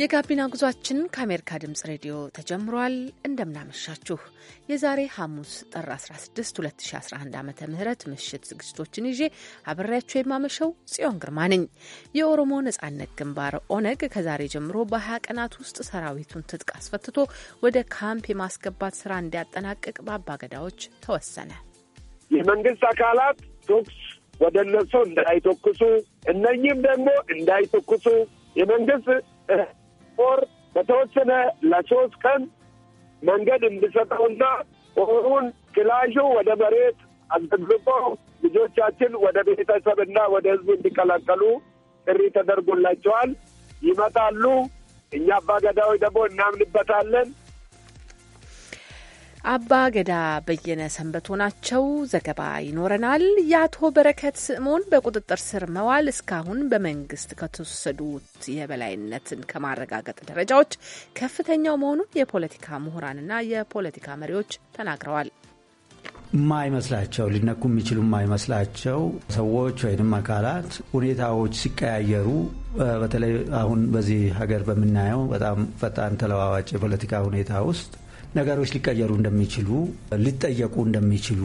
የጋቢና ጉዟችን ከአሜሪካ ድምጽ ሬዲዮ ተጀምሯል። እንደምናመሻችሁ የዛሬ ሐሙስ ጥር 16 2011 ዓ ም ምሽት ዝግጅቶችን ይዤ አብሬያችሁ የማመሸው ጽዮን ግርማ ነኝ። የኦሮሞ ነጻነት ግንባር ኦነግ ከዛሬ ጀምሮ በ20 ቀናት ውስጥ ሰራዊቱን ትጥቅ አስፈትቶ ወደ ካምፕ የማስገባት ስራ እንዲያጠናቅቅ በአባገዳዎች ተወሰነ። የመንግስት አካላት ቶክስ ወደ እነሱ እንዳይተኩሱ እነኚህም ደግሞ እንዳይተኩሱ የመንግስት ጦር በተወሰነ ለሶስት ቀን መንገድ እንዲሰጠውና ጦሩን ክላሹ ወደ መሬት አዘግዝቆ ልጆቻችን ወደ ቤተሰብና ወደ ህዝብ እንዲቀላቀሉ ጥሪ ተደርጎላቸዋል። ይመጣሉ። እኛ አባገዳዎች ደግሞ እናምንበታለን። አባ ገዳ በየነ ሰንበቶ ናቸው። ዘገባ ይኖረናል። የአቶ በረከት ስምኦን በቁጥጥር ስር መዋል እስካሁን በመንግስት ከተወሰዱት የበላይነትን ከማረጋገጥ ደረጃዎች ከፍተኛው መሆኑን የፖለቲካ ምሁራንና የፖለቲካ መሪዎች ተናግረዋል። ማይመስላቸው ሊነኩ የሚችሉ ማይመስላቸው ሰዎች ወይም አካላት ሁኔታዎች ሲቀያየሩ በተለይ አሁን በዚህ ሀገር በምናየው በጣም ፈጣን ተለዋዋጭ የፖለቲካ ሁኔታ ውስጥ ነገሮች ሊቀየሩ እንደሚችሉ ሊጠየቁ እንደሚችሉ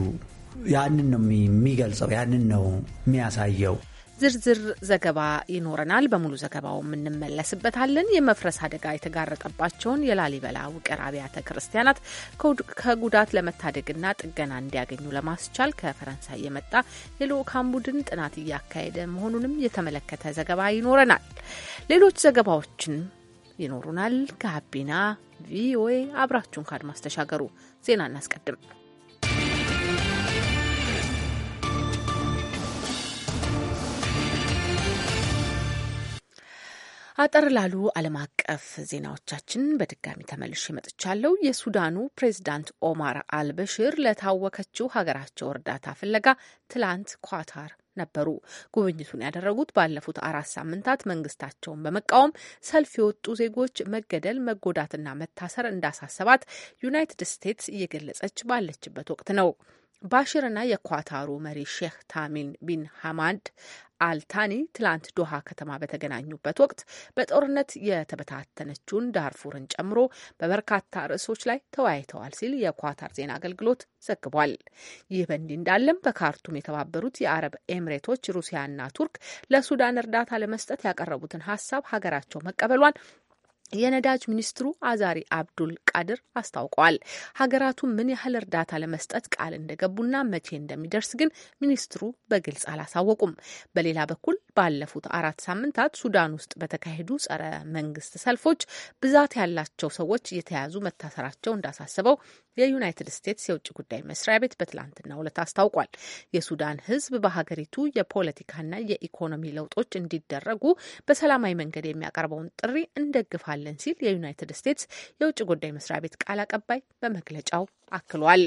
ያንን ነው የሚገልጸው፣ ያንን ነው የሚያሳየው። ዝርዝር ዘገባ ይኖረናል። በሙሉ ዘገባው እንመለስበታለን። የመፍረስ አደጋ የተጋረጠባቸውን የላሊበላ ውቅር አብያተ ክርስቲያናት ከጉዳት ለመታደግና ጥገና እንዲያገኙ ለማስቻል ከፈረንሳይ የመጣ የልዑካን ቡድን ጥናት እያካሄደ መሆኑንም የተመለከተ ዘገባ ይኖረናል። ሌሎች ዘገባዎችን ይኖሩናል። ጋቢና ቪኦኤ። አብራችሁን ከአድማስ ተሻገሩ። ዜና እናስቀድም። አጠር ላሉ ዓለም አቀፍ ዜናዎቻችን በድጋሚ ተመልሼ መጥቻለሁ። የሱዳኑ ፕሬዚዳንት ኦማር አልበሽር ለታወከችው ሀገራቸው እርዳታ ፍለጋ ትላንት ኳታር ነበሩ። ጉብኝቱን ያደረጉት ባለፉት አራት ሳምንታት መንግስታቸውን በመቃወም ሰልፍ የወጡ ዜጎች መገደል፣ መጎዳትና መታሰር እንዳሳሰባት ዩናይትድ ስቴትስ እየገለጸች ባለችበት ወቅት ነው። ባሽርና የኳታሩ መሪ ሼህ ታሚን ቢን ሐማድ አልታኒ ትላንት ዶሃ ከተማ በተገናኙበት ወቅት በጦርነት የተበታተነችውን ዳርፉርን ጨምሮ በበርካታ ርዕሶች ላይ ተወያይተዋል ሲል የኳታር ዜና አገልግሎት ዘግቧል። ይህ በእንዲህ እንዳለም በካርቱም የተባበሩት የአረብ ኤምሬቶች፣ ሩሲያና ቱርክ ለሱዳን እርዳታ ለመስጠት ያቀረቡትን ሀሳብ ሀገራቸው መቀበሏን የነዳጅ ሚኒስትሩ አዛሪ አብዱል ቃድር አስታውቀዋል። ሀገራቱ ምን ያህል እርዳታ ለመስጠት ቃል እንደገቡና መቼ እንደሚደርስ ግን ሚኒስትሩ በግልጽ አላሳወቁም። በሌላ በኩል ባለፉት አራት ሳምንታት ሱዳን ውስጥ በተካሄዱ ጸረ መንግስት ሰልፎች ብዛት ያላቸው ሰዎች እየተያዙ መታሰራቸው እንዳሳስበው የዩናይትድ ስቴትስ የውጭ ጉዳይ መስሪያ ቤት በትላንትናው ሁለት አስታውቋል። የሱዳን ህዝብ በሀገሪቱ የፖለቲካና የኢኮኖሚ ለውጦች እንዲደረጉ በሰላማዊ መንገድ የሚያቀርበውን ጥሪ እንደግፋለን ሲል የዩናይትድ ስቴትስ የውጭ ጉዳይ መስሪያ ቤት ቃል አቀባይ በመግለጫው አክሏል።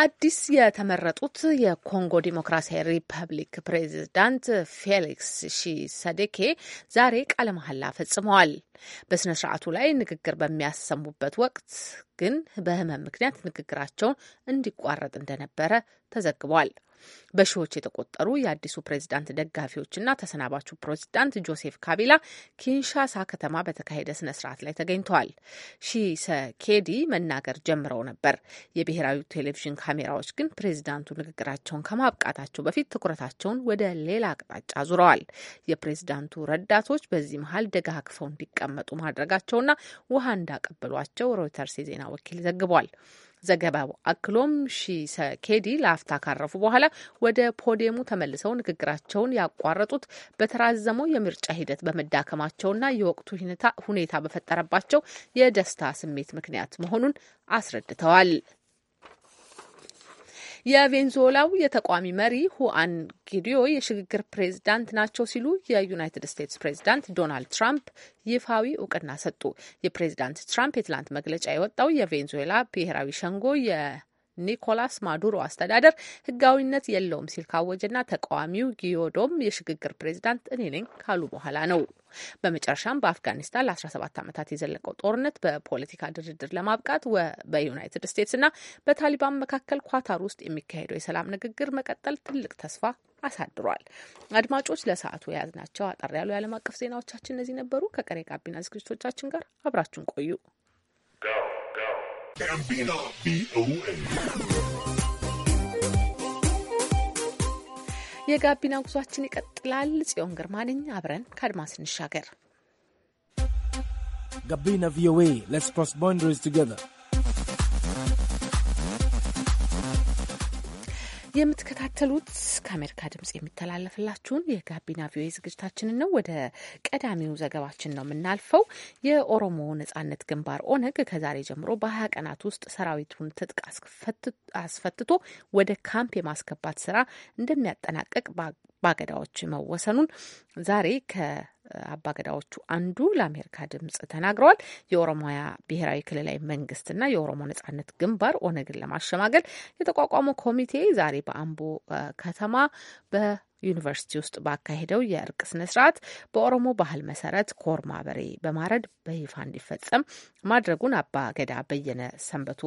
አዲስ የተመረጡት የኮንጎ ዲሞክራሲያዊ ሪፐብሊክ ፕሬዚዳንት ፌሊክስ ሺሰዴኬ ዛሬ ቃለ መሐላ ፈጽመዋል። በስነ ስርዓቱ ላይ ንግግር በሚያሰሙበት ወቅት ግን በህመም ምክንያት ንግግራቸውን እንዲቋረጥ እንደነበረ ተዘግቧል። በሺዎች የተቆጠሩ የአዲሱ ፕሬዚዳንት ደጋፊዎችና ተሰናባቹ ፕሬዚዳንት ጆሴፍ ካቢላ ኪንሻሳ ከተማ በተካሄደ ስነ ስርዓት ላይ ተገኝተዋል። ሺሰኬዲ መናገር ጀምረው ነበር። የብሔራዊ ቴሌቪዥን ካሜራዎች ግን ፕሬዚዳንቱ ንግግራቸውን ከማብቃታቸው በፊት ትኩረታቸውን ወደ ሌላ አቅጣጫ አዙረዋል። የፕሬዚዳንቱ ረዳቶች በዚህ መሀል ደጋግፈው እንዲቀመጡ ማድረጋቸውና ውሃ እንዳቀበሏቸው ሮይተርስ የዜና ወኪል ዘግቧል። ዘገባው አክሎም ሺሰኬዲ ለአፍታ ካረፉ በኋላ ወደ ፖዲየሙ ተመልሰው ንግግራቸውን ያቋረጡት በተራዘመው የምርጫ ሂደት በመዳከማቸውና የወቅቱ ሁኔታ በፈጠረባቸው የደስታ ስሜት ምክንያት መሆኑን አስረድተዋል። የቬንዙዌላው የተቋሚ መሪ ሁአን ጊዲዮ የሽግግር ፕሬዝዳንት ናቸው ሲሉ የዩናይትድ ስቴትስ ፕሬዝዳንት ዶናልድ ትራምፕ ይፋዊ እውቅና ሰጡ። የፕሬዝዳንት ትራምፕ የትላንት መግለጫ የወጣው የቬንዙዌላ ብሔራዊ ሸንጎ ኒኮላስ ማዱሮ አስተዳደር ህጋዊነት የለውም ሲል ካወጀና ተቃዋሚው ጊዮዶም የሽግግር ፕሬዚዳንት እኔ ነኝ ካሉ በኋላ ነው። በመጨረሻም በአፍጋኒስታን ለ17 ዓመታት የዘለቀው ጦርነት በፖለቲካ ድርድር ለማብቃት በዩናይትድ ስቴትስና በታሊባን መካከል ኳታር ውስጥ የሚካሄደው የሰላም ንግግር መቀጠል ትልቅ ተስፋ አሳድሯል። አድማጮች፣ ለሰዓቱ የያዝናቸው አጠር ያሉ የዓለም አቀፍ ዜናዎቻችን እነዚህ ነበሩ። ከቀሬ ጋቢና ዝግጅቶቻችን ጋር አብራችሁን ቆዩ። ጋቢና ቪኦኤ የጋቢና ጉዟችን ይቀጥላል። ጽዮን ግርማ ነኝ። አብረን ከአድማስ እንሻገር። ጋቢና ቪኦኤ ሌትስ ክሮስ ቦንደሪስ ቱጌዘር የምትከታተሉት ከአሜሪካ ድምጽ የሚተላለፍላችሁን የጋቢና ቪኦኤ ዝግጅታችንን ነው። ወደ ቀዳሚው ዘገባችን ነው የምናልፈው። የኦሮሞ ነጻነት ግንባር ኦነግ ከዛሬ ጀምሮ በሀያ ቀናት ውስጥ ሰራዊቱን ትጥቅ አስፈትቶ ወደ ካምፕ የማስገባት ስራ እንደሚያጠናቀቅ በአገዳዎች መወሰኑን ዛሬ ከ አባገዳዎቹ አንዱ ለአሜሪካ ድምጽ ተናግረዋል። የኦሮሚያ ብሔራዊ ክልላዊ መንግስትና የኦሮሞ ነጻነት ግንባር ኦነግን ለማሸማገል የተቋቋመው ኮሚቴ ዛሬ በአምቦ ከተማ ዩኒቨርሲቲ ውስጥ ባካሄደው የእርቅ ስነስርዓት በኦሮሞ ባህል መሰረት ኮርማ በሬ በማረድ በይፋ እንዲፈጸም ማድረጉን አባ ገዳ በየነ ሰንበቶ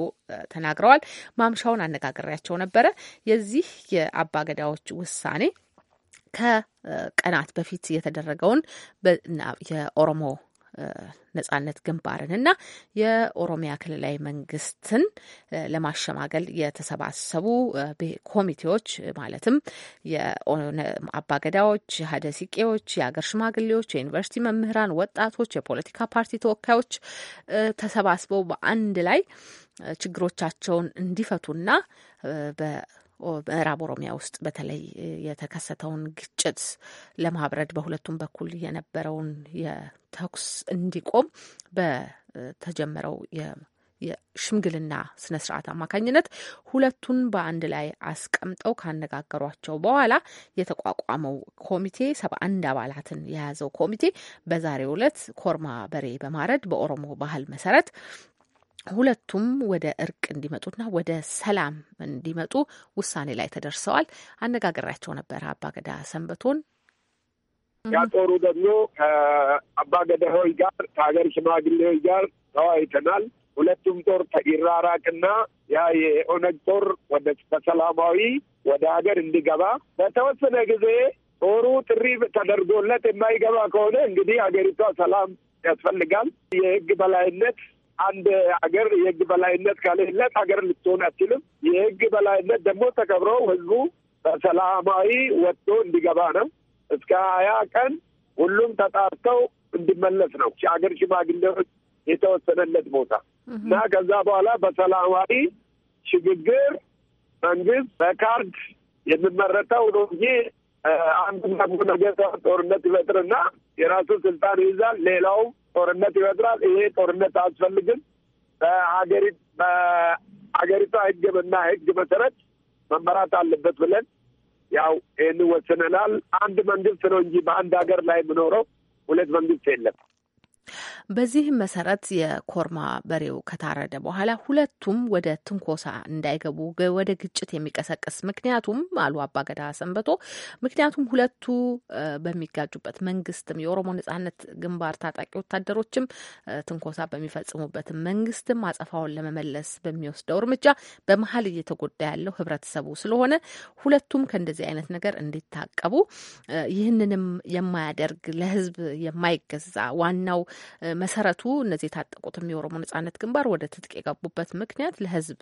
ተናግረዋል። ማምሻውን አነጋግሬያቸው ነበረ። የዚህ የአባ ገዳዎች ውሳኔ ከቀናት በፊት የተደረገውን የኦሮሞ ነጻነት ግንባርን እና የኦሮሚያ ክልላዊ መንግስትን ለማሸማገል የተሰባሰቡ ኮሚቴዎች ማለትም የሀደ ሲቄዎች፣ የሀገር ሽማግሌዎች፣ የዩኒቨርሲቲ መምህራን፣ ወጣቶች፣ የፖለቲካ ፓርቲ ተወካዮች ተሰባስበው በአንድ ላይ ችግሮቻቸውን እንዲፈቱና ምዕራብ ኦሮሚያ ውስጥ በተለይ የተከሰተውን ግጭት ለማብረድ በሁለቱም በኩል የነበረውን የተኩስ እንዲቆም በተጀመረው የሽምግልና ስነ ስርዓት አማካኝነት ሁለቱን በአንድ ላይ አስቀምጠው ካነጋገሯቸው በኋላ የተቋቋመው ኮሚቴ ሰባ አንድ አባላትን የያዘው ኮሚቴ በዛሬው ዕለት ኮርማ በሬ በማረድ በኦሮሞ ባህል መሰረት ሁለቱም ወደ እርቅ እንዲመጡና ወደ ሰላም እንዲመጡ ውሳኔ ላይ ተደርሰዋል። አነጋገራቸው ነበረ አባገዳ ሰንበቶን ያጦሩ ደግሞ ከአባገዳ ሆይ ጋር ከሀገር ሽማግሌዎች ጋር ተወያይተናል። ሁለቱም ጦር ይራራቅና ያ የኦነግ ጦር ወደ በሰላማዊ ወደ ሀገር እንዲገባ በተወሰነ ጊዜ ጦሩ ጥሪ ተደርጎለት የማይገባ ከሆነ እንግዲህ ሀገሪቷ ሰላም ያስፈልጋል። የህግ በላይነት አንድ ሀገር የህግ በላይነት ከሌለት ሀገር ልትሆን አትችልም። የህግ በላይነት ደግሞ ተከብሮ ህዝቡ በሰላማዊ ወጥቶ እንዲገባ ነው። እስከ ሀያ ቀን ሁሉም ተጣርተው እንዲመለስ ነው ሀገር ሽማግሌዎች የተወሰነለት ቦታ እና ከዛ በኋላ በሰላማዊ ሽግግር መንግስት በካርድ የሚመረጠው ነው እንጂ አንዱ ነገ ጦርነት ይፈጥርና የራሱ ስልጣን ይይዛል ሌላውም ጦርነት ይፈጥራል። ይሄ ጦርነት አያስፈልግም። በሀገሪቷ ህግና ህግ መሰረት መመራት አለበት ብለን ያው ይህን ወስነናል። አንድ መንግስት ነው እንጂ በአንድ ሀገር ላይ የምኖረው ሁለት መንግስት የለም። በዚህም መሰረት የኮርማ በሬው ከታረደ በኋላ ሁለቱም ወደ ትንኮሳ እንዳይገቡ ወደ ግጭት የሚቀሰቅስ ምክንያቱም አሉ አባገዳ ሰንበቶ ምክንያቱም ሁለቱ በሚጋጁበት መንግስትም የኦሮሞ ነጻነት ግንባር ታጣቂ ወታደሮችም ትንኮሳ በሚፈጽሙበት መንግስትም አጸፋውን ለመመለስ በሚወስደው እርምጃ በመሀል እየተጎዳ ያለው ህብረተሰቡ ስለሆነ ሁለቱም ከእንደዚህ አይነት ነገር እንዲታቀቡ ይህንንም የማያደርግ ለህዝብ የማይገዛ ዋናው መሰረቱ እነዚህ የታጠቁትም የኦሮሞ ነጻነት ግንባር ወደ ትጥቅ የገቡበት ምክንያት ለህዝብ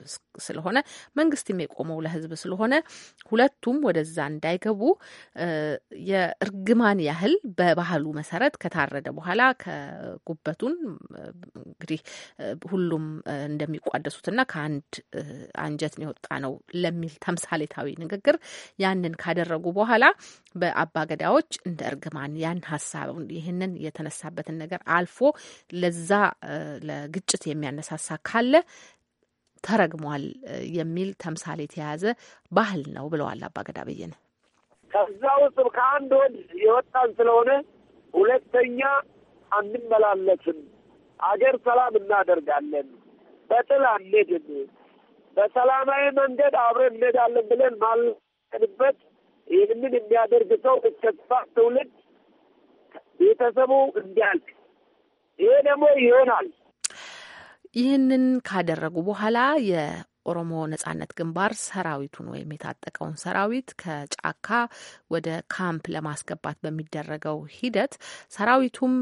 ስለሆነ መንግስትም የቆመው ለህዝብ ስለሆነ ሁለቱም ወደዛ እንዳይገቡ የእርግማን ያህል በባህሉ መሰረት ከታረደ በኋላ ከጉበቱን እንግዲህ ሁሉም እንደሚቋደሱትና ከአንድ አንጀት የወጣ ነው ለሚል ተምሳሌታዊ ንግግር ያንን ካደረጉ በኋላ በአባገዳዎች እንደ እርግማን ያን ሀሳብ ይህንን የተነሳበትን ነገር አልፎ ለዛ ለግጭት የሚያነሳሳ ካለ ተረግሟል የሚል ተምሳሌ የተያዘ ባህል ነው ብለዋል አባገዳ በየነ። ከዛ ውስጥ ከአንድ ወንድ የወጣን ስለሆነ ሁለተኛ አንመላለስም፣ አገር ሰላም እናደርጋለን፣ በጥል አንሄድም፣ በሰላማዊ መንገድ አብረን እንሄዳለን ብለን ማለንበት ይህንን የሚያደርግ ሰው እስከ ስፋት ትውልድ ቤተሰቡ እንዲያልቅ ይሄ ደግሞ ይሆናል። ይህንን ካደረጉ በኋላ የኦሮሞ ነጻነት ግንባር ሰራዊቱን ወይም የታጠቀውን ሰራዊት ከጫካ ወደ ካምፕ ለማስገባት በሚደረገው ሂደት ሰራዊቱም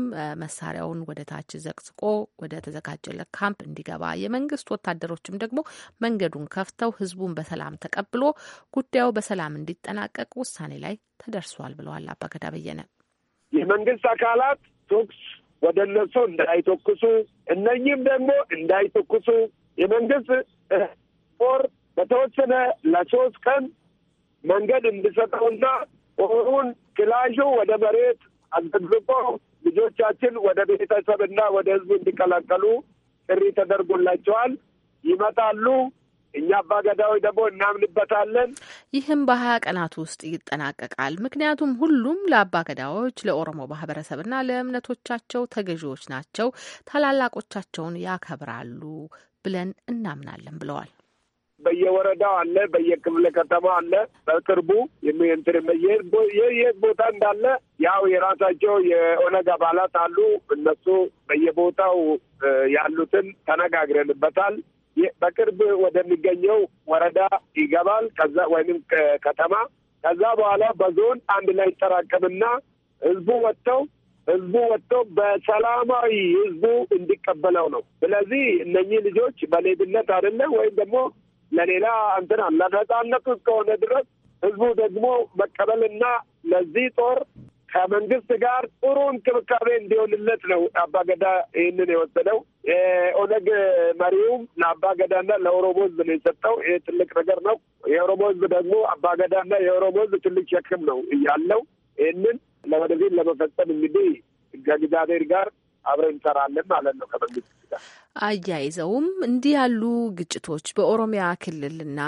መሳሪያውን ወደ ታች ዘቅዝቆ ወደ ተዘጋጀለት ካምፕ እንዲገባ፣ የመንግስት ወታደሮችም ደግሞ መንገዱን ከፍተው ህዝቡን በሰላም ተቀብሎ ጉዳዩ በሰላም እንዲጠናቀቅ ውሳኔ ላይ ተደርሷል ብለዋል አባገዳ በየነ። የመንግስት አካላት ተኩስ ወደ እነሱ እንዳይተኩሱ፣ እነኚህም ደግሞ እንዳይተኩሱ የመንግስት ጦር በተወሰነ ለሶስት ቀን መንገድ እንዲሰጠውና ጦሩን ክላሹ ወደ መሬት አስደግፎ ልጆቻችን ወደ ቤተሰብና ወደ ህዝቡ እንዲቀላቀሉ ጥሪ ተደርጎላቸዋል። ይመጣሉ። እኛ አባገዳዎች ደግሞ እናምንበታለን። ይህም በሀያ ቀናት ውስጥ ይጠናቀቃል። ምክንያቱም ሁሉም ለአባ ገዳዎች፣ ለኦሮሞ ማህበረሰብና ለእምነቶቻቸው ተገዢዎች ናቸው፣ ታላላቆቻቸውን ያከብራሉ ብለን እናምናለን ብለዋል። በየወረዳው አለ፣ በየክፍለ ከተማ አለ። በቅርቡ የሚንትር የት ቦታ እንዳለ ያው የራሳቸው የኦነግ አባላት አሉ። እነሱ በየቦታው ያሉትን ተነጋግረንበታል። በቅርብ ወደሚገኘው ወረዳ ይገባል፣ ከዛ ወይም ከተማ። ከዛ በኋላ በዞን አንድ ላይ ይጠራቀምና ህዝቡ ወጥተው ህዝቡ ወጥተው በሰላማዊ ህዝቡ እንዲቀበለው ነው። ስለዚህ እነኚህ ልጆች በሌብነት አይደለ ወይም ደግሞ ለሌላ እንትና ለነጻነቱ እስከሆነ ድረስ ህዝቡ ደግሞ መቀበልና ለዚህ ጦር ከመንግስት ጋር ጥሩ እንክብካቤ እንዲሆንለት ነው አባገዳ ይህንን የወሰደው። የኦነግ መሪውም ለአባገዳና ገዳና ለኦሮሞ ህዝብ ነው የሰጠው። ይሄ ትልቅ ነገር ነው። የኦሮሞ ህዝብ ደግሞ አባ ገዳና የኦሮሞ ህዝብ ትልቅ ሸክም ነው እያለው ይህንን ለወደፊት ለመፈጸም እንግዲህ ከእግዚአብሔር ጋር አብረን እንሰራለን ማለት ነው ከመንግስት ጋር አያይዘውም እንዲህ ያሉ ግጭቶች በኦሮሚያ ክልልና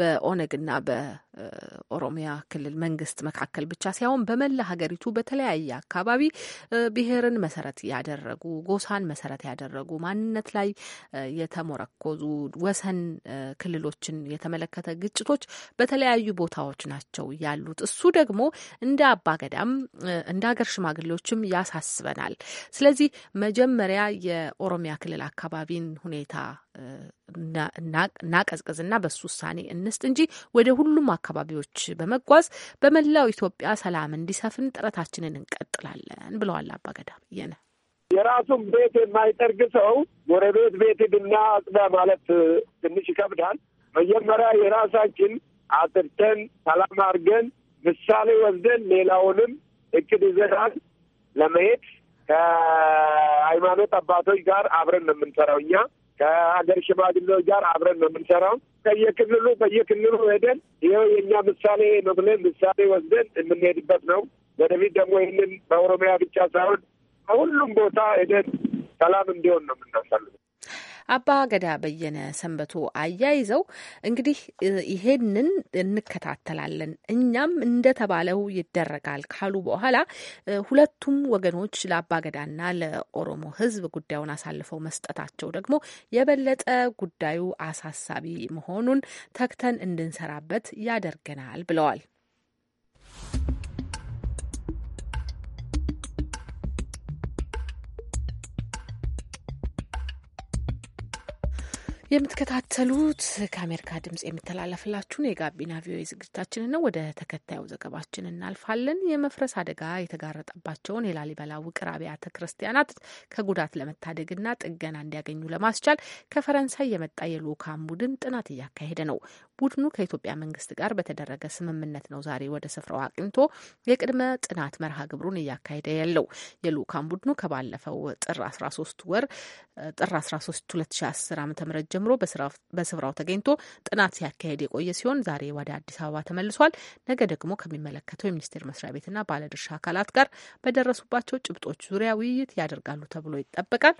በኦነግና በኦሮሚያ ክልል መንግስት መካከል ብቻ ሳይሆን በመላ ሀገሪቱ በተለያየ አካባቢ ብሔርን መሰረት ያደረጉ ጎሳን መሰረት ያደረጉ ማንነት ላይ የተሞረኮዙ ወሰን ክልሎችን የተመለከተ ግጭቶች በተለያዩ ቦታዎች ናቸው ያሉት። እሱ ደግሞ እንደ አባገዳም እንደ ሀገር ሽማግሌዎችም ያሳስበናል። ስለዚህ መጀመሪያ የኦሮሚያ ክልል አካባቢ የአካባቢን ሁኔታ እናቀዝቅዝና በሱ ውሳኔ እንስጥ እንጂ ወደ ሁሉም አካባቢዎች በመጓዝ በመላው ኢትዮጵያ ሰላም እንዲሰፍን ጥረታችንን እንቀጥላለን ብለዋል አባገዳ የነ የራሱን ቤት የማይጠርግ ሰው ጎረቤት ቤት ሂድና አጽዳ ማለት ትንሽ ይከብዳል። መጀመሪያ የራሳችን አጥርተን ሰላም አድርገን ምሳሌ ወስደን ሌላውንም እቅድ ይዘናል ለመሄድ ከሃይማኖት አባቶች ጋር አብረን ነው የምንሰራው። እኛ ከሀገር ሽማግሌዎች ጋር አብረን ነው የምንሰራው። ከየክልሉ በየክልሉ ሄደን ይኸው የእኛ ምሳሌ ነው ብለን ምሳሌ ወስደን የምንሄድበት ነው። ወደፊት ደግሞ ይህንን በኦሮሚያ ብቻ ሳይሆን በሁሉም ቦታ ሄደን ሰላም እንዲሆን ነው የምናሳልፈው። አባ ገዳ በየነ ሰንበቶ አያይዘው እንግዲህ ይሄንን እንከታተላለን እኛም እንደተባለው ይደረጋል ካሉ በኋላ ሁለቱም ወገኖች ለአባ ገዳና ለኦሮሞ ሕዝብ ጉዳዩን አሳልፈው መስጠታቸው ደግሞ የበለጠ ጉዳዩ አሳሳቢ መሆኑን ተክተን እንድንሰራበት ያደርገናል ብለዋል። የምትከታተሉት ከአሜሪካ ድምጽ የሚተላለፍላችሁን የጋቢና ቪኦኤ ዝግጅታችን ነው። ወደ ተከታዩ ዘገባችን እናልፋለን። የመፍረስ አደጋ የተጋረጠባቸውን የላሊበላ ውቅር አብያተ ክርስቲያናት ከጉዳት ለመታደግና ጥገና እንዲያገኙ ለማስቻል ከፈረንሳይ የመጣ የልዑካን ቡድን ጥናት እያካሄደ ነው። ቡድኑ ከኢትዮጵያ መንግስት ጋር በተደረገ ስምምነት ነው ዛሬ ወደ ስፍራው አቅንቶ የቅድመ ጥናት መርሃ ግብሩን እያካሄደ ያለው። የልኡካን ቡድኑ ከባለፈው ጥር 13 ወር ጥር 13 2010 ዓ ም ጀምሮ በስፍራው ተገኝቶ ጥናት ሲያካሄድ የቆየ ሲሆን ዛሬ ወደ አዲስ አበባ ተመልሷል። ነገ ደግሞ ከሚመለከተው የሚኒስቴር መስሪያ ቤትና ባለድርሻ አካላት ጋር በደረሱባቸው ጭብጦች ዙሪያ ውይይት ያደርጋሉ ተብሎ ይጠበቃል።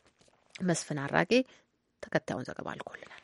መስፍን አራጌ ተከታዩን ዘገባ አልኮልናል።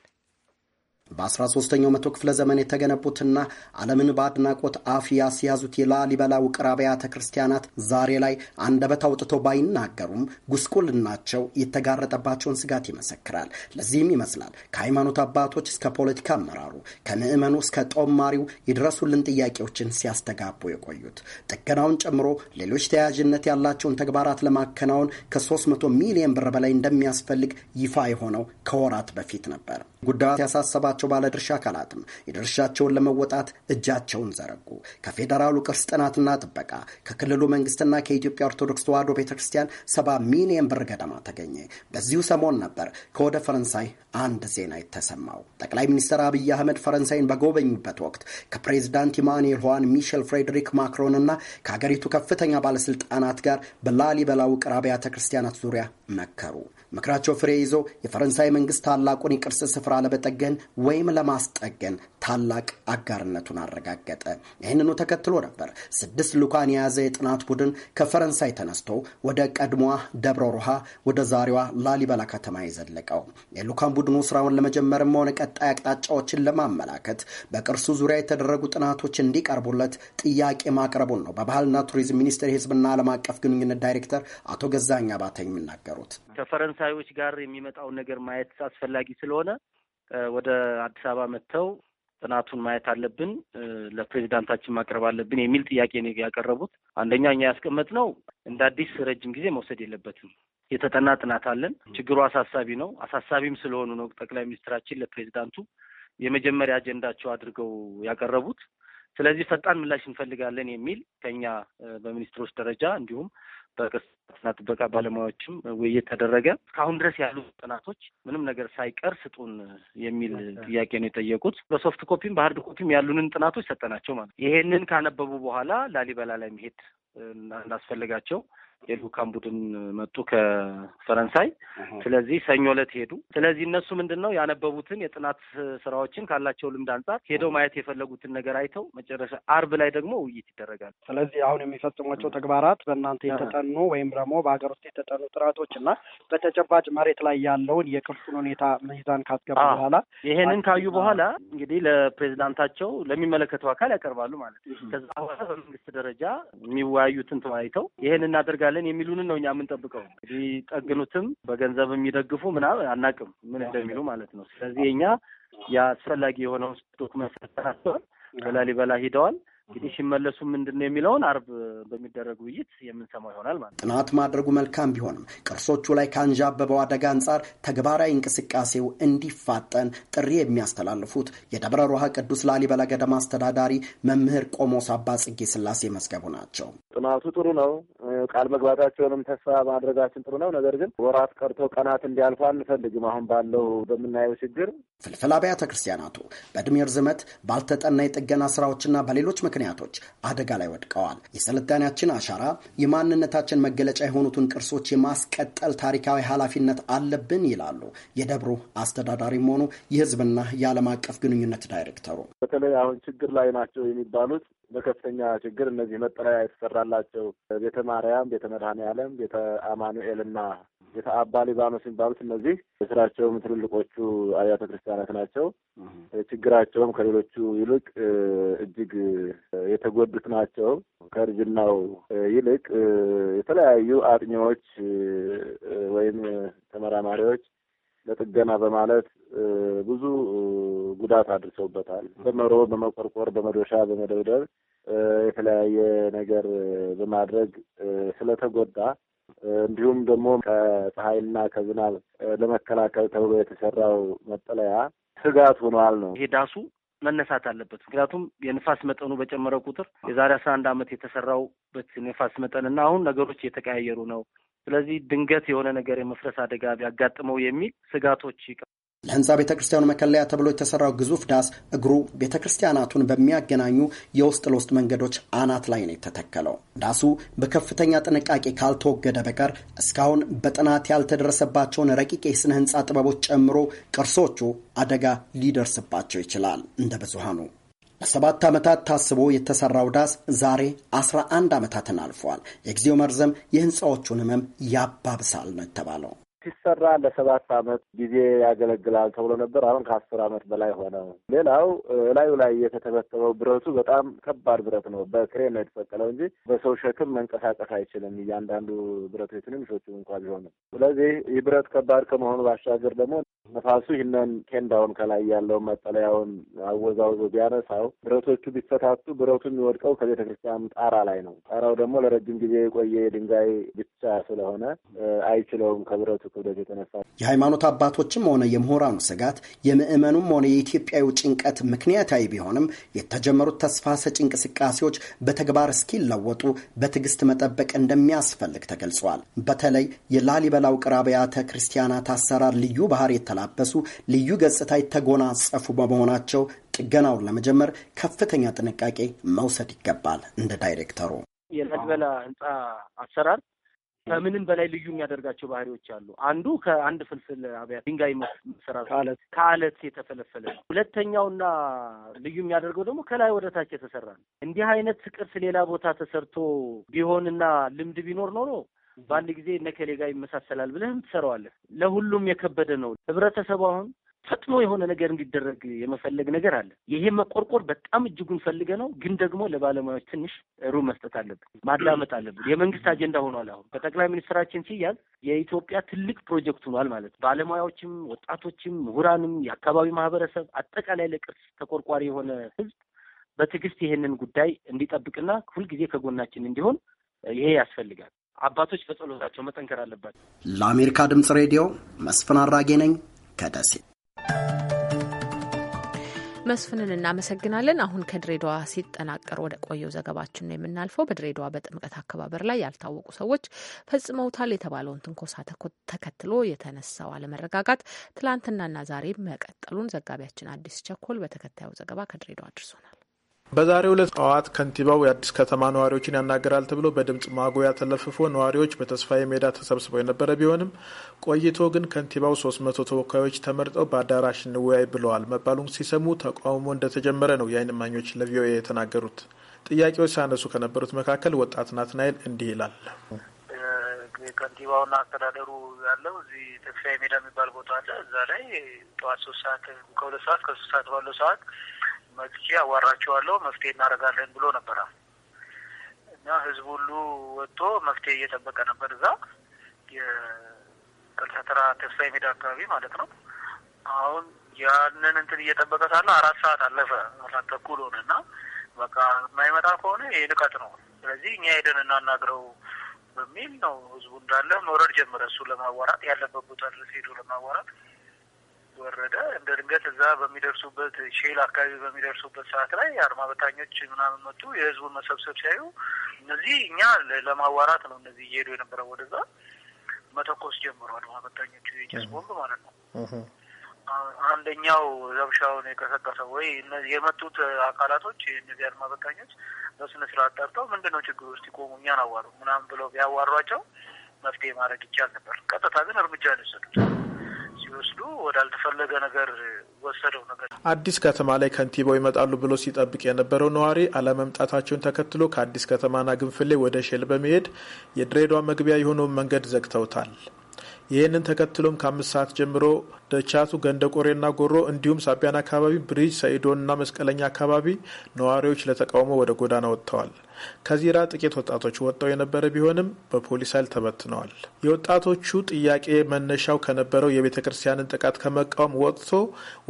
በ13ኛው መቶ ክፍለ ዘመን የተገነቡትና ዓለምን በአድናቆት አፍ ያስያዙት የላሊበላ ውቅር አብያተ ክርስቲያናት ዛሬ ላይ አንደበት አውጥተው ባይናገሩም ጉስቁልናቸው የተጋረጠባቸውን ስጋት ይመሰክራል። ለዚህም ይመስላል ከሃይማኖት አባቶች እስከ ፖለቲካ አመራሩ፣ ከምዕመኑ እስከ ጦማሪው የድረሱልን ጥያቄዎችን ሲያስተጋቡ የቆዩት። ጥገናውን ጨምሮ ሌሎች ተያያዥነት ያላቸውን ተግባራት ለማከናወን ከ300 ሚሊዮን ብር በላይ እንደሚያስፈልግ ይፋ የሆነው ከወራት በፊት ነበር። ጉዳዩ ያሳሰባት ያላቸው ባለድርሻ አካላትም የድርሻቸውን ለመወጣት እጃቸውን ዘረጉ። ከፌዴራሉ ቅርስ ጥናትና ጥበቃ፣ ከክልሉ መንግስትና ከኢትዮጵያ ኦርቶዶክስ ተዋሕዶ ቤተክርስቲያን ሰባ ሚሊየን ብር ገደማ ተገኘ። በዚሁ ሰሞን ነበር ከወደ ፈረንሳይ አንድ ዜና የተሰማው ጠቅላይ ሚኒስትር አብይ አህመድ ፈረንሳይን በጎበኙበት ወቅት ከፕሬዚዳንት ኢማኑኤል ሆዋን ሚሼል ፍሬድሪክ ማክሮንና ከሀገሪቱ ከፍተኛ ባለስልጣናት ጋር በላሊበላ ውቅር አብያተ ክርስቲያናት ዙሪያ መከሩ። ምክራቸው ፍሬ ይዞ የፈረንሳይ መንግስት ታላቁን የቅርስ ስፍራ ለመጠገን ወይም ለማስጠገን ታላቅ አጋርነቱን አረጋገጠ። ይህንኑ ተከትሎ ነበር ስድስት ልዑካን የያዘ የጥናት ቡድን ከፈረንሳይ ተነስቶ ወደ ቀድሞዋ ደብረ ሮሃ ወደ ዛሬዋ ላሊበላ ከተማ የዘለቀው። የልዑካን ቡድኑ ስራውን ለመጀመርም ሆነ ቀጣይ አቅጣጫዎችን ለማመላከት በቅርሱ ዙሪያ የተደረጉ ጥናቶች እንዲቀርቡለት ጥያቄ ማቅረቡን ነው በባህልና ቱሪዝም ሚኒስቴር የህዝብና ዓለም አቀፍ ግንኙነት ዳይሬክተር አቶ ገዛኝ አባተ የሚናገሩት። ከፈረንሳዮች ጋር የሚመጣውን ነገር ማየት አስፈላጊ ስለሆነ ወደ አዲስ አበባ መጥተው ጥናቱን ማየት አለብን፣ ለፕሬዚዳንታችን ማቅረብ አለብን የሚል ጥያቄ ነው ያቀረቡት። አንደኛ እኛ ያስቀመጥነው እንደ አዲስ ረጅም ጊዜ መውሰድ የለበትም የተጠና ጥናት አለን። ችግሩ አሳሳቢ ነው። አሳሳቢም ስለሆኑ ነው ጠቅላይ ሚኒስትራችን ለፕሬዚዳንቱ የመጀመሪያ አጀንዳቸው አድርገው ያቀረቡት። ስለዚህ ፈጣን ምላሽ እንፈልጋለን የሚል ከኛ በሚኒስትሮች ደረጃ እንዲሁም በቅርጽና ጥበቃ ባለሙያዎችም ውይይት ተደረገ። እስካሁን ድረስ ያሉ ጥናቶች ምንም ነገር ሳይቀር ስጡን የሚል ጥያቄ ነው የጠየቁት። በሶፍት ኮፒም በሀርድ ኮፒም ያሉንን ጥናቶች ሰጠናቸው ማለት ነው። ይሄንን ካነበቡ በኋላ ላሊበላ ላይ መሄድ እንዳስፈልጋቸው የልኡካን ቡድን መጡ ከፈረንሳይ። ስለዚህ ሰኞ ዕለት ሄዱ። ስለዚህ እነሱ ምንድን ነው ያነበቡትን የጥናት ስራዎችን ካላቸው ልምድ አንጻር ሄደው ማየት የፈለጉትን ነገር አይተው መጨረሻ አርብ ላይ ደግሞ ውይይት ይደረጋል። ስለዚህ አሁን የሚፈጽሟቸው ተግባራት በእናንተ የተጠኑ ወይም ደግሞ በሀገር ውስጥ የተጠኑ ጥናቶች እና በተጨባጭ መሬት ላይ ያለውን የቅርሱን ሁኔታ ሚዛን ካስገቡ በኋላ ይሄንን ካዩ በኋላ እንግዲህ ለፕሬዚዳንታቸው ለሚመለከተው አካል ያቀርባሉ ማለት ነው። ከዛ በኋላ በመንግስት ደረጃ የሚወያዩትን ተወያይተው ይሄን እናደርጋለን እናደርጋለን የሚሉንን ነው እኛ የምንጠብቀው። እንግዲህ ጠግኑትም በገንዘብ የሚደግፉ ምናምን አናቅም ምን እንደሚሉ ማለት ነው። ስለዚህ እኛ የአስፈላጊ የሆነውን ዶክመንት መሰረት በላሊበላ ሂደዋል። እንግዲህ ሲመለሱ ምንድን ነው የሚለውን አርብ በሚደረግ ውይይት የምንሰማው ይሆናል ማለት ጥናት ማድረጉ መልካም ቢሆንም ቅርሶቹ ላይ ከአንዣበበው አደጋ አንጻር ተግባራዊ እንቅስቃሴው እንዲፋጠን ጥሪ የሚያስተላልፉት የደብረ ሮሃ ቅዱስ ላሊበላ ገደማ አስተዳዳሪ መምህር ቆሞስ አባ ጽጌ ስላሴ መዝገቡ ናቸው። ጥናቱ ጥሩ ነው፣ ቃል መግባታቸውንም ተስፋ ማድረጋችን ጥሩ ነው። ነገር ግን ወራት ቀርቶ ቀናት እንዲያልፉ አንፈልግም። አሁን ባለው በምናየው ችግር ፍልፍል አብያተ ክርስቲያናቱ በእድሜ ርዝመት ባልተጠና የጥገና ስራዎችና በሌሎች ምክንያቶች አደጋ ላይ ወድቀዋል። የስልጣኔያችን አሻራ፣ የማንነታችን መገለጫ የሆኑትን ቅርሶች የማስቀጠል ታሪካዊ ኃላፊነት አለብን ይላሉ የደብሩ አስተዳዳሪም ሆኑ የህዝብና የዓለም አቀፍ ግንኙነት ዳይሬክተሩ። በተለይ አሁን ችግር ላይ ናቸው የሚባሉት በከፍተኛ ችግር እነዚህ መጠለያ የተሰራላቸው ቤተ ማርያም፣ ቤተ መድኃኔ ዓለም፣ ቤተ አማኑኤልና አባ ሊባኖስ የሚባሉት እነዚህ ስራቸውም ትልልቆቹ አብያተ ክርስቲያናት ናቸው። ችግራቸውም ከሌሎቹ ይልቅ እጅግ የተጎዱት ናቸው። ከእርጅናው ይልቅ የተለያዩ አጥኚዎች ወይም ተመራማሪዎች ለጥገና በማለት ብዙ ጉዳት አድርሰውበታል። በመሮ በመቆርቆር፣ በመዶሻ፣ በመደብደብ የተለያየ ነገር በማድረግ ስለተጎዳ እንዲሁም ደግሞ ከፀሐይና ከዝናብ ለመከላከል ተብሎ የተሰራው መጠለያ ስጋት ሆኗል ነው ይሄ ዳሱ መነሳት አለበት። ምክንያቱም የንፋስ መጠኑ በጨመረ ቁጥር የዛሬ አስራ አንድ ዓመት የተሰራውበት ንፋስ መጠንና አሁን ነገሮች እየተቀያየሩ ነው። ስለዚህ ድንገት የሆነ ነገር የመፍረስ አደጋ ቢያጋጥመው የሚል ስጋቶች ለህንፃ ቤተ ክርስቲያኑ መከለያ ተብሎ የተሰራው ግዙፍ ዳስ እግሩ ቤተ ክርስቲያናቱን በሚያገናኙ የውስጥ ለውስጥ መንገዶች አናት ላይ ነው የተተከለው። ዳሱ በከፍተኛ ጥንቃቄ ካልተወገደ በቀር እስካሁን በጥናት ያልተደረሰባቸውን ረቂቅ የስነ ህንፃ ጥበቦች ጨምሮ ቅርሶቹ አደጋ ሊደርስባቸው ይችላል። እንደ ብዙሃኑ ለሰባት ዓመታት ታስቦ የተሰራው ዳስ ዛሬ 11 ዓመታትን አልፏል። የጊዜው መርዘም የህንፃዎቹን ህመም ያባብሳል ነው የተባለው። ሲሰራ ለሰባት ዓመት ጊዜ ያገለግላል ተብሎ ነበር። አሁን ከአስር ዓመት በላይ ሆነው። ሌላው እላዩ ላይ የተተበተበው ብረቱ በጣም ከባድ ብረት ነው። በክሬን ነው የተሰቀለው እንጂ በሰው ሸክም መንቀሳቀስ አይችልም። እያንዳንዱ ብረቶች ትንንሾቹ እንኳ ቢሆኑ። ስለዚህ ይህ ብረት ከባድ ከመሆኑ ባሻገር ደግሞ ነፋሱ ይህንን ኬንዳውን ከላይ ያለውን መጠለያውን አወዛውዞ ቢያነሳው ብረቶቹ ቢፈታቱ ብረቱ የሚወድቀው ከቤተ ክርስቲያን ጣራ ላይ ነው። ጣራው ደግሞ ለረጅም ጊዜ የቆየ የድንጋይ ብቻ ስለሆነ አይችለውም ከብረቱ ክብደት የተነሳ የሃይማኖት አባቶችም ሆነ የምሁራኑ ስጋት የምዕመኑም ሆነ የኢትዮጵያዊ ጭንቀት ምክንያታዊ ቢሆንም የተጀመሩት ተስፋ ሰጪ እንቅስቃሴዎች በተግባር እስኪለወጡ በትዕግስት መጠበቅ እንደሚያስፈልግ ተገልጿል። በተለይ የላሊበላ ውቅር አብያተ ክርስቲያናት አሰራር ልዩ ባህር የተላበሱ ልዩ ገጽታ የተጎናጸፉ በመሆናቸው ጥገናውን ለመጀመር ከፍተኛ ጥንቃቄ መውሰድ ይገባል። እንደ ዳይሬክተሩ የላሊበላ ህንፃ አሰራር ከምንም በላይ ልዩ የሚያደርጋቸው ባህሪዎች አሉ። አንዱ ከአንድ ፍልፍል አብያት ድንጋይ መሰራት ከአለት የተፈለፈለ ነው። ሁለተኛውና ልዩ የሚያደርገው ደግሞ ከላይ ወደ ታች የተሰራ ነው። እንዲህ አይነት ቅርስ ሌላ ቦታ ተሰርቶ ቢሆንና ልምድ ቢኖር ኖሮ በአንድ ጊዜ እነ ከሌ ጋር ይመሳሰላል ብለህም ትሰራዋለህ። ለሁሉም የከበደ ነው። ህብረተሰቡ አሁን ፈጥኖ የሆነ ነገር እንዲደረግ የመፈለግ ነገር አለ። ይሄ መቆርቆር በጣም እጅጉን ፈልገ ነው፣ ግን ደግሞ ለባለሙያዎች ትንሽ ሩም መስጠት አለብን፣ ማዳመጥ አለብን። የመንግስት አጀንዳ ሆኗል። አሁን በጠቅላይ ሚኒስትራችን ሲያዝ የኢትዮጵያ ትልቅ ፕሮጀክት ሆኗል ማለት ነው። ባለሙያዎችም፣ ወጣቶችም፣ ምሁራንም፣ የአካባቢ ማህበረሰብ አጠቃላይ ለቅርስ ተቆርቋሪ የሆነ ህዝብ በትዕግስት ይሄንን ጉዳይ እንዲጠብቅና ሁልጊዜ ከጎናችን እንዲሆን ይሄ ያስፈልጋል። አባቶች በጸሎታቸው መጠንከር አለባቸው። ለአሜሪካ ድምጽ ሬዲዮ መስፍን አራጌ ነኝ ከደሴ። መስፍንን እናመሰግናለን። አሁን ከድሬዳዋ ሲጠናቀር ወደ ቆየው ዘገባችን ነው የምናልፈው። በድሬዳዋ በጥምቀት አከባበር ላይ ያልታወቁ ሰዎች ፈጽመውታል የተባለውን ትንኮሳ ተከትሎ የተነሳው አለመረጋጋት ትላንትናና ዛሬ መቀጠሉን ዘጋቢያችን አዲስ ቸኮል በተከታዩ ዘገባ ከድሬዳዋ አድርሶናል። በዛሬው ዕለት ጠዋት ከንቲባው የአዲስ ከተማ ነዋሪዎችን ያናገራል ተብሎ በድምፅ ማጉያ ተለፍፎ ነዋሪዎች በተስፋዬ ሜዳ ተሰብስበው የነበረ ቢሆንም ቆይቶ ግን ከንቲባው ሶስት መቶ ተወካዮች ተመርጠው በአዳራሽ እንወያይ ብለዋል መባሉን ሲሰሙ ተቃውሞ እንደተጀመረ ነው የአይን እማኞች ለቪኦኤ የተናገሩት። ጥያቄዎች ሳነሱ ከነበሩት መካከል ወጣት ናትናኤል እንዲህ ይላል። ከንቲባውና አስተዳደሩ ያለው እዚህ ተስፋዬ ሜዳ የሚባል ቦታ አለ። እዛ ላይ ጠዋት ሶስት ሰዓት ከሁለት ሰዓት ከሶስት ሰዓት ባለው ሰዓት መጥቼ አዋራቸዋለሁ መፍትሄ እናደርጋለን ብሎ ነበረ እና ህዝቡ ሁሉ ወጥቶ መፍትሄ እየጠበቀ ነበር። እዛ የቀልተራ ተስፋዬ ሜዳ አካባቢ ማለት ነው። አሁን ያንን እንትን እየጠበቀ ሳለ አራት ሰዓት አለፈ፣ አራት ተኩል ሆነ እና በቃ የማይመጣ ከሆነ ይህ ንቀት ነው። ስለዚህ እኛ ሄደን እናናግረው በሚል ነው ህዝቡ እንዳለ መውረድ ጀመረ። እሱ ለማዋራት ያለበት ቦታ ድረስ ሄዶ ለማዋራት ወረደ። እንደ ድንገት እዛ በሚደርሱበት ሼል አካባቢ በሚደርሱበት ሰዓት ላይ አድማ በታኞች ምናምን መጡ። የህዝቡን መሰብሰብ ሲያዩ እነዚህ እኛ ለማዋራት ነው እነዚህ እየሄዱ የነበረው ወደዛ መተኮስ ጀምሮ አድማ በታኞቹ የጭስ ቦምብ ማለት ነው። አንደኛው ዘብሻውን የቀሰቀሰው ወይ የመጡት አካላቶች እነዚህ አድማ በታኞች በስነ ስርዓት ጠርተው ምንድን ነው ችግር ውስጥ ይቆሙ እኛን አዋሩ ምናምን ብለው ቢያዋሯቸው መፍትሄ ማድረግ ይቻል ነበር። ቀጥታ ግን እርምጃ ነው የወሰዱት። ሲወስዱ ወዳልተፈለገ ነገር ወሰደው ነገር አዲስ ከተማ ላይ ከንቲባው ይመጣሉ ብሎ ሲጠብቅ የነበረው ነዋሪ አለመምጣታቸውን ተከትሎ ከአዲስ ከተማና ግንፍሌ ወደ ሼል በመሄድ የድሬዳዋ መግቢያ የሆነውን መንገድ ዘግተውታል። ይህንን ተከትሎም ከአምስት ሰዓት ጀምሮ ደቻቱ ገንደ ቆሬና ጎሮ እንዲሁም ሳቢያን አካባቢ፣ ብሪጅ ሰኢዶንና መስቀለኛ አካባቢ ነዋሪዎች ለተቃውሞ ወደ ጎዳና ወጥተዋል። ከዚራ ጥቂት ወጣቶች ወጥተው የነበረ ቢሆንም በፖሊስ ኃይል ተበትነዋል። የወጣቶቹ ጥያቄ መነሻው ከነበረው የቤተ ክርስቲያንን ጥቃት ከመቃወም ወጥቶ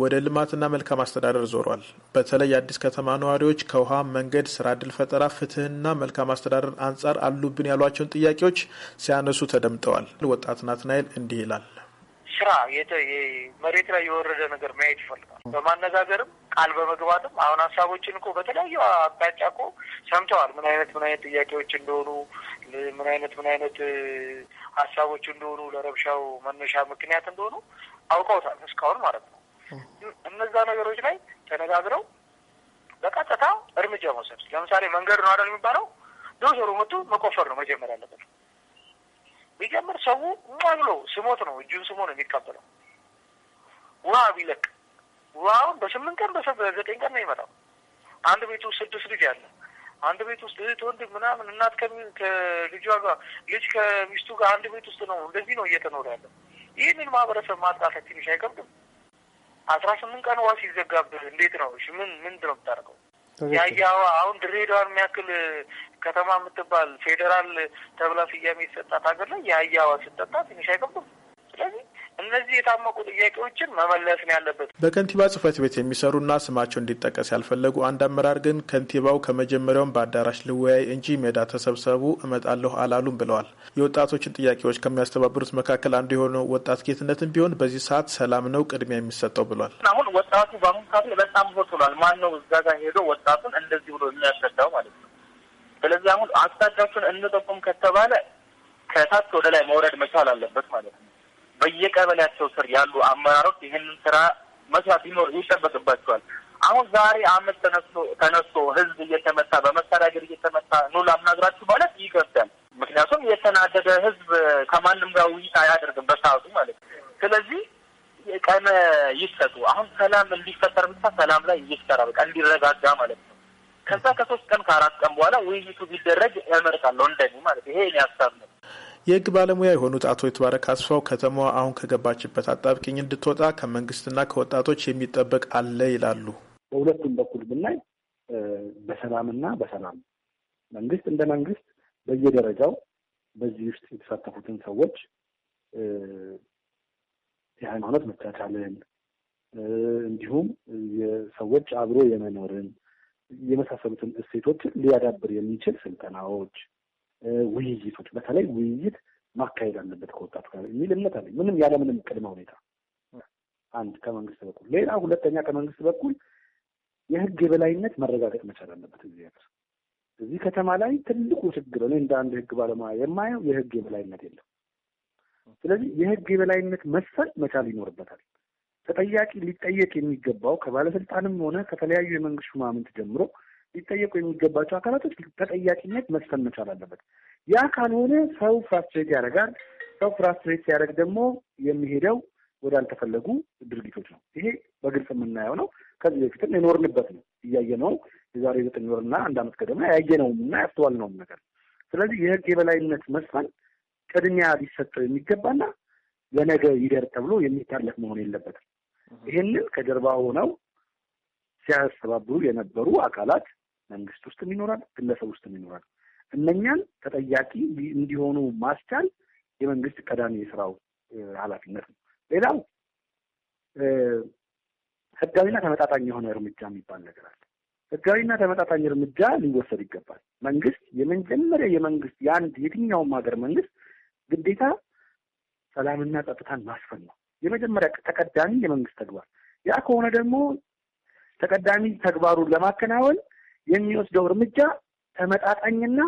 ወደ ልማትና መልካም አስተዳደር ዞሯል። በተለይ የአዲስ ከተማ ነዋሪዎች ከውሃ፣ መንገድ፣ ስራ እድል ፈጠራ፣ ፍትህና መልካም አስተዳደር አንጻር አሉብን ያሏቸውን ጥያቄዎች ሲያነሱ ተደምጠዋል። ወጣት ናትናኤል እንዲህ ይላል። ስራ መሬት ላይ የወረደ ነገር ማየት ይፈልጋል። በማነጋገርም ቃል በመግባትም አሁን ሀሳቦችን እኮ በተለያዩ አቅጣጫ እኮ ሰምተዋል። ምን አይነት ምን አይነት ጥያቄዎች እንደሆኑ ምን አይነት ምን አይነት ሀሳቦች እንደሆኑ ለረብሻው መነሻ ምክንያት እንደሆኑ አውቀውታል እስካሁን ማለት ነው። እነዛ ነገሮች ላይ ተነጋግረው በቀጥታ እርምጃ መውሰድ ለምሳሌ መንገድ ነው አይደል የሚባለው ዶዘሩ መቶ መቆፈር ነው መጀመር ያለበት። ቢጀምር ሰው ማ ብሎ ስሞት ነው እጁን ስሞ ነው የሚቀበለው ውሃ ቢለቅ ውሃውን በስምንት ቀን በዘጠኝ ቀን ነው ይመጣው። አንድ ቤት ውስጥ ስድስት ልጅ አለ። አንድ ቤት ውስጥ እህት ወንድም ምናምን እናት ከልጇ ጋር ልጅ ከሚስቱ ጋር አንድ ቤት ውስጥ ነው እንደዚህ ነው እየተኖረ ያለው። ይህንን ማህበረሰብ ማጥቃት ትንሽ አይከብድም? አስራ ስምንት ቀን ዋስ ይዘጋብህ እንዴት ነው ምን ምንድን ነው የምታደርገው? ያያዋ አሁን ድሬዳዋን የሚያክል ከተማ የምትባል ፌዴራል ተብላ ስያሜ የተሰጣት ሀገር ላይ የአያዋ ስጠጣ ትንሽ አይከብድም? ስለዚህ እነዚህ የታመቁ ጥያቄዎችን መመለስ ነው ያለበት። በከንቲባ ጽህፈት ቤት የሚሰሩና ስማቸው እንዲጠቀስ ያልፈለጉ አንድ አመራር ግን ከንቲባው ከመጀመሪያውም በአዳራሽ ልወያይ እንጂ ሜዳ ተሰብሰቡ እመጣለሁ አላሉም ብለዋል። የወጣቶችን ጥያቄዎች ከሚያስተባብሩት መካከል አንዱ የሆነው ወጣት ጌትነትን ቢሆን በዚህ ሰዓት ሰላም ነው ቅድሚያ የሚሰጠው ብሏል። አሁን ወጣቱ በአሁኑ ሰዓት በጣም ሆትሏል። ማን ነው እዛ ጋር ሄዶ ወጣቱን እንደዚህ ብሎ የሚያስረዳው ማለት ነው። ስለዚህ አሁን አቅጣጫችሁን እንጠቁም ከተባለ ከታች ወደ ላይ መውረድ መቻል አለበት ማለት ነው። በየቀበሌያቸው ስር ያሉ አመራሮች ይህንን ስራ መስራት ይኖር ይጠበቅባቸዋል። አሁን ዛሬ አመት ተነስቶ ተነስቶ ህዝብ እየተመታ በመሳሪያ ግር እየተመታ ኑ ላምናግራችሁ ማለት ይከብዳል። ምክንያቱም የተናደደ ህዝብ ከማንም ጋር ውይይት አያደርግም በሰዓቱ ማለት ነው። ስለዚህ ቀን ይሰጡ። አሁን ሰላም እንዲፈጠር ብቻ ሰላም ላይ ይሰራ፣ በቃ እንዲረጋጋ ማለት ነው። ከዛ ከሶስት ቀን ከአራት ቀን በኋላ ውይይቱ ቢደረግ እመርጣለሁ እንደኔ ማለት ይሄ እኔ ሀሳብ ነው። የህግ ባለሙያ የሆኑት አቶ የተባረክ አስፋው ከተማዋ አሁን ከገባችበት አጣብቂኝ እንድትወጣ ከመንግስትና ከወጣቶች የሚጠበቅ አለ ይላሉ። በሁለቱም በኩል ብናይ በሰላምና በሰላም መንግስት እንደ መንግስት በየደረጃው በዚህ ውስጥ የተሳተፉትን ሰዎች የሃይማኖት መቻቻልን እንዲሁም ሰዎች አብሮ የመኖርን የመሳሰሉትን እሴቶችን ሊያዳብር የሚችል ስልጠናዎች ውይይቶች፣ በተለይ ውይይት ማካሄድ አለበት ከወጣቱ ጋር የሚል እምነት አለኝ። ምንም ያለምንም ቅድመ ሁኔታ አንድ ከመንግስት በኩል ሌላ፣ ሁለተኛ ከመንግስት በኩል የህግ የበላይነት መረጋገጥ መቻል አለበት። እዚህ ሀገር እዚህ ከተማ ላይ ትልቁ ችግር እኔ እንደ አንድ ህግ ባለሙያ የማየው የህግ የበላይነት የለም። ስለዚህ የህግ የበላይነት መሰል መቻል ይኖርበታል። ተጠያቂ ሊጠየቅ የሚገባው ከባለስልጣንም ሆነ ከተለያዩ የመንግስት ሹማምንት ጀምሮ ሊጠየቁ የሚገባቸው አካላቶች ተጠያቂነት መስፈን መቻል አለበት። ያ ካልሆነ ሰው ፍራስትሬት ያደርጋል። ሰው ፍራስትሬት ሲያደርግ ደግሞ የሚሄደው ወዳልተፈለጉ ድርጊቶች ነው። ይሄ በግልጽ የምናየው ነው። ከዚህ በፊትም የኖርንበት ነው፣ እያየነው የዛሬ ዘጠኝ ወርና አንድ ዓመት ያየ ነውም እና ነውም ነገር። ስለዚህ የህግ የበላይነት መስፈን ቅድሚያ ሊሰጠው የሚገባና ለነገ ይደር ተብሎ የሚታለፍ መሆን የለበትም። ይህንን ከጀርባ ሆነው ሲያስተባብሩ የነበሩ አካላት መንግስት ውስጥም ይኖራል፣ ግለሰብ ውስጥም ይኖራል። እነኛን ተጠያቂ እንዲሆኑ ማስቻል የመንግስት ቀዳሚ የስራው ኃላፊነት ነው። ሌላው ህጋዊና ተመጣጣኝ የሆነ እርምጃ የሚባል ነገር አለ። ህጋዊና ተመጣጣኝ እርምጃ ሊወሰድ ይገባል። መንግስት የመጀመሪያ የመንግስት የአንድ የትኛውም ሀገር መንግስት ግዴታ ሰላምና ጸጥታን ማስፈን ነው የመጀመሪያ ተቀዳሚ የመንግስት ተግባር። ያ ከሆነ ደግሞ ተቀዳሚ ተግባሩን ለማከናወን የሚወስደው እርምጃ ተመጣጣኝና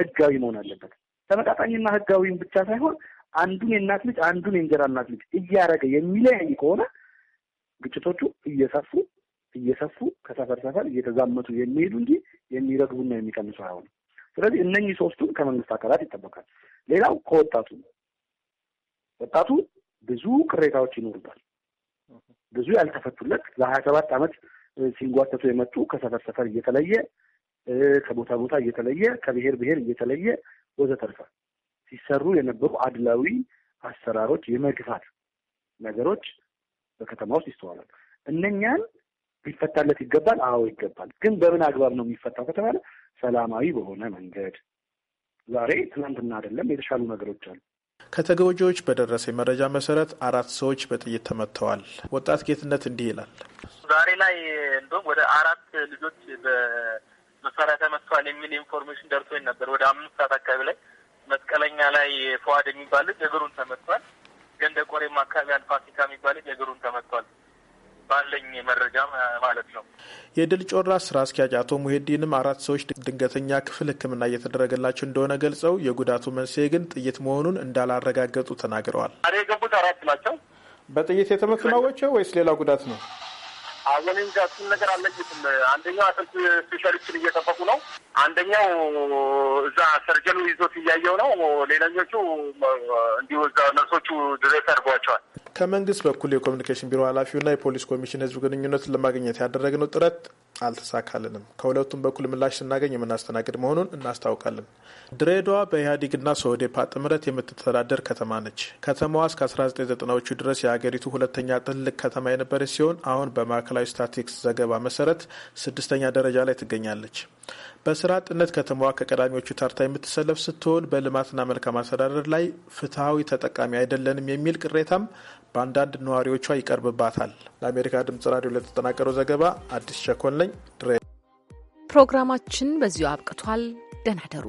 ህጋዊ መሆን አለበት። ተመጣጣኝና ህጋዊም ብቻ ሳይሆን አንዱን የእናት ልጅ አንዱን የእንጀራ እናት ልጅ እያደረገ የሚለያይ ከሆነ ግጭቶቹ እየሰፉ እየሰፉ ከሰፈር ሰፈር እየተዛመቱ የሚሄዱ እንጂ የሚረግቡና የሚቀንሱ አይሆንም። ስለዚህ እነኚህ ሶስቱም ከመንግስት አካላት ይጠበቃል። ሌላው ከወጣቱ ወጣቱ ብዙ ቅሬታዎች ይኖሩታል። ብዙ ያልተፈቱለት ለሀያ ሰባት አመት ሲንጓተቱ የመጡ ከሰፈር ሰፈር እየተለየ ከቦታ ቦታ እየተለየ ከብሔር ብሔር እየተለየ ወዘተርፈ ሲሰሩ የነበሩ አድላዊ አሰራሮች፣ የመግፋት ነገሮች በከተማ ውስጥ ይስተዋላል። እነኛን ሊፈታለት ይገባል። አዎ ይገባል። ግን በምን አግባብ ነው የሚፈታው ከተባለ ሰላማዊ በሆነ መንገድ ዛሬ ትናንትና አይደለም የተሻሉ ነገሮች አሉ። ከተጎጂዎች በደረሰ መረጃ መሰረት አራት ሰዎች በጥይት ተመትተዋል። ወጣት ጌትነት እንዲህ ይላል። ዛሬ ላይ እንደውም ወደ አራት ልጆች በመሳሪያ ተመትተዋል የሚል ኢንፎርሜሽን ደርሶኝ ነበር። ወደ አምስት ሰዓት አካባቢ ላይ መስቀለኛ ላይ ፈዋድ የሚባል ልጅ እግሩን ተመትቷል። ገንደ ቆሬም አካባቢ አልፋሲካ የሚባል ልጅ እግሩን ተመትቷል። ባለኝ መረጃ ማለት ነው። የድል ጮራ ስራ አስኪያጅ አቶ ሙሄዲንም አራት ሰዎች ድንገተኛ ክፍል ሕክምና እየተደረገላቸው እንደሆነ ገልጸው የጉዳቱ መንስኤ ግን ጥይት መሆኑን እንዳላረጋገጡ ተናግረዋል። ዛሬ የገቡት አራት ናቸው። በጥይት የተመቱ ናቸው ወይስ ሌላ ጉዳት ነው? አሁን እንጂ እሱን ነገር አለኝትም። አንደኛው አጥንት ስፔሻሊስትን እየጠበቁ ነው። አንደኛው እዛ ሰርጀኑ ይዞት እያየው ነው። ሌላኞቹ እንዲሁ እዛ ነርሶቹ ድረስ አድርጓቸዋል። ከመንግስት በኩል የኮሚኒኬሽን ቢሮ ኃላፊውና የፖሊስ ኮሚሽን ህዝብ ግንኙነትን ለማግኘት ያደረግነው ጥረት አልተሳካልንም። ከሁለቱም በኩል ምላሽ ስናገኝ የምናስተናግድ መሆኑን እናስታውቃለን። ድሬዳዋ በኢህአዴግና ሶዴፓ ጥምረት የምትተዳደር ከተማ ነች። ከተማዋ እስከ 1990ዎቹ ድረስ የሀገሪቱ ሁለተኛ ትልቅ ከተማ የነበረች ሲሆን አሁን በማዕከላ ማዕከላዊ ስታቲክስ ዘገባ መሰረት ስድስተኛ ደረጃ ላይ ትገኛለች። በስራ አጥነት ከተማዋ ከቀዳሚዎቹ ታርታ የምትሰለፍ ስትሆን በልማትና መልካም አስተዳደር ላይ ፍትሐዊ ተጠቃሚ አይደለንም የሚል ቅሬታም በአንዳንድ ነዋሪዎቿ ይቀርብባታል። ለአሜሪካ ድምጽ ራዲዮ ለተጠናቀረው ዘገባ አዲስ ቸኮን ነኝ። ድሬ ፕሮግራማችን በዚሁ አብቅቷል። ደህና ደሩ።